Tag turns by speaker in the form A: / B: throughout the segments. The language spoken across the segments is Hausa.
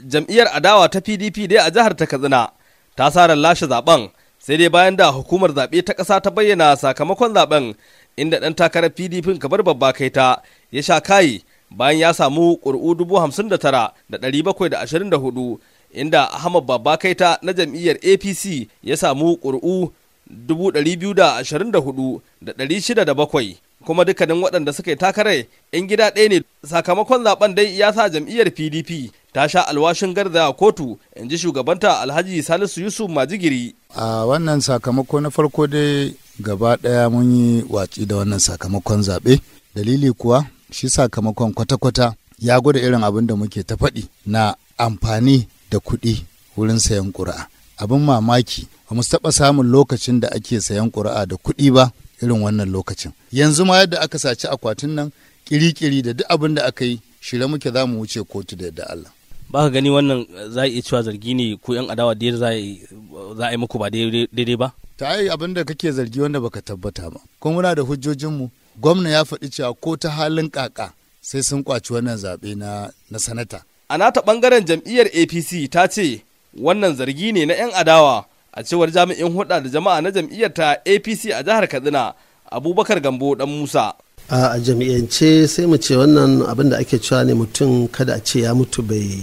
A: jam'iyyar adawa ta pdp dai a jihar ta katsina ta sarar lashe zaben sai dai bayan da hukumar zaɓe ta ƙasa ta bayyana sakamakon zaben inda ɗan takarar pdp kamar babba kai ta ya sha kai bayan ya samu ƙuri'u dubu hamsin da tara da ɗari bakwai da ashirin da hudu inda ahmad babba kai ta na jam'iyyar apc ya samu ƙuri'u dubu ɗari biyu da ashirin da hudu da ɗari shida da bakwai kuma dukkanin waɗanda suka yi takarar 'yan gida ɗaya ne sakamakon zaben dai ya sa jam'iyyar pdp ta sha alwashin garda kotu in ji shugabanta alhaji salisu yusuf majigiri
B: a wannan sakamako na farko dai gaba daya mun yi watsi da wannan sakamakon zaɓe dalili kuwa shi sakamakon kwata-kwata ya gwada irin abin da muke ta faɗi na amfani da kuɗi wurin sayan ƙuri'a abin mamaki ba mu taɓa samun lokacin da ake sayan ƙuri'a da kuɗi ba irin wannan lokacin yanzu ma yadda aka saci akwatin nan kiri-kiri da duk abin da aka yi shirya muke za mu wuce kotu da yadda Allah. ba ka
A: gani wannan eh, za a iya cewa zargi ne ko yan adawa da za a yi muku ba daidai ba
B: ta yi abin da kake zargi wanda baka tabbata ba kuma muna da hujjojinmu gwamna ya faɗi cewa ko ta halin kaka sai sun kwaci wannan zaɓe na na sanata a nata ɓangaren
A: jam'iyyar apc ta ce wannan zargi ne na 'yan adawa a cewar jami'in hulɗa da jama'a na jam'iyyar ta apc a jihar katsina abubakar gambo dan musa
C: a jami'ance sai mu ce wannan abin da ake cewa ne mutum kada a ce ya mutu bai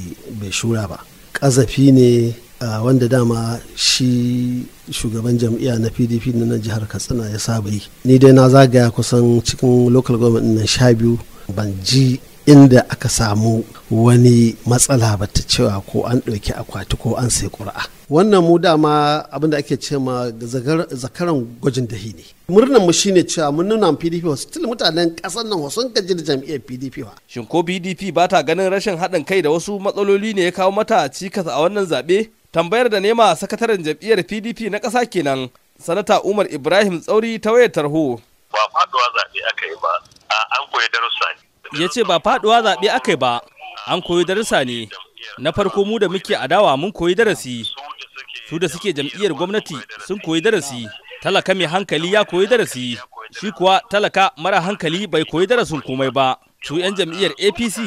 C: shura ba ƙazafi ne a wanda dama shi shugaban jam'iyya na pdp na na jihar katsina ya saba yi ni dai na zagaya kusan cikin local government na sha biyu ban ji inda aka samu wani matsala ba ta cewa ko an ɗauki akwati ko an sai ƙura'a wannan mu dama abinda ake ce ma zakaran gwajin dahi ne murnan mu shine cewa mun nuna PDP wasu tun mutanen ƙasar nan
A: wasu gaji da jam'iyyar PDP wa shin ko PDP ba ta ganin rashin haɗin kai da wasu matsaloli ne ya kawo mata cikas a wannan zaɓe tambayar da nema sakataren jam'iyyar PDP na ƙasa kenan sanata Umar Ibrahim Tsauri ta wayar tarho ba faɗuwa zaɓe aka yi ba an koyi darussa ne ya ce ba faduwa zaɓe aka ba an koyi darasa ne na farko mu da muke adawa mun koyi darasi su da suke jam'iyyar gwamnati sun koyi darasi talaka mai hankali ya koyi darasi shi kuwa talaka mara hankali bai koyi darasin komai ba su 'yan jam'iyyar apc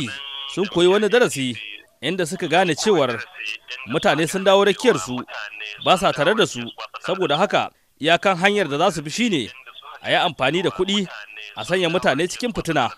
A: sun koyi wani darasi inda suka gane cewar mutane sun dawo rakiyarsu ba sa tare da su saboda haka iyakan hanyar da za su bi shine a yi amfani da kuɗi a sanya mutane cikin fituna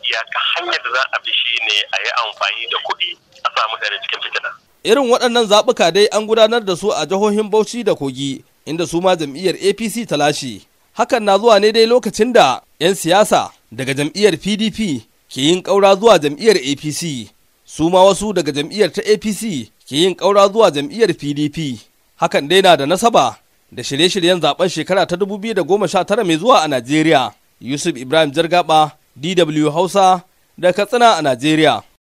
C: iyaka hanyar da za a bi shi ne a yi amfani da kuɗi a samu cikin fitina.
A: Irin waɗannan zaɓuka dai an gudanar da su a jihohin Bauchi da Kogi inda su ma jam'iyyar APC ta lashe. Hakan na zuwa ne dai lokacin da 'yan siyasa daga jam'iyyar PDP ke yin ƙaura zuwa jam'iyyar APC. Su ma wasu daga jam'iyyar ta APC ke yin ƙaura zuwa jam'iyyar PDP. Hakan dai na da nasaba da shirye-shiryen zaɓen shekara ta 2019 mai zuwa a Najeriya. Yusuf Ibrahim Jargaba DW Hausa da Katsina a Najeriya.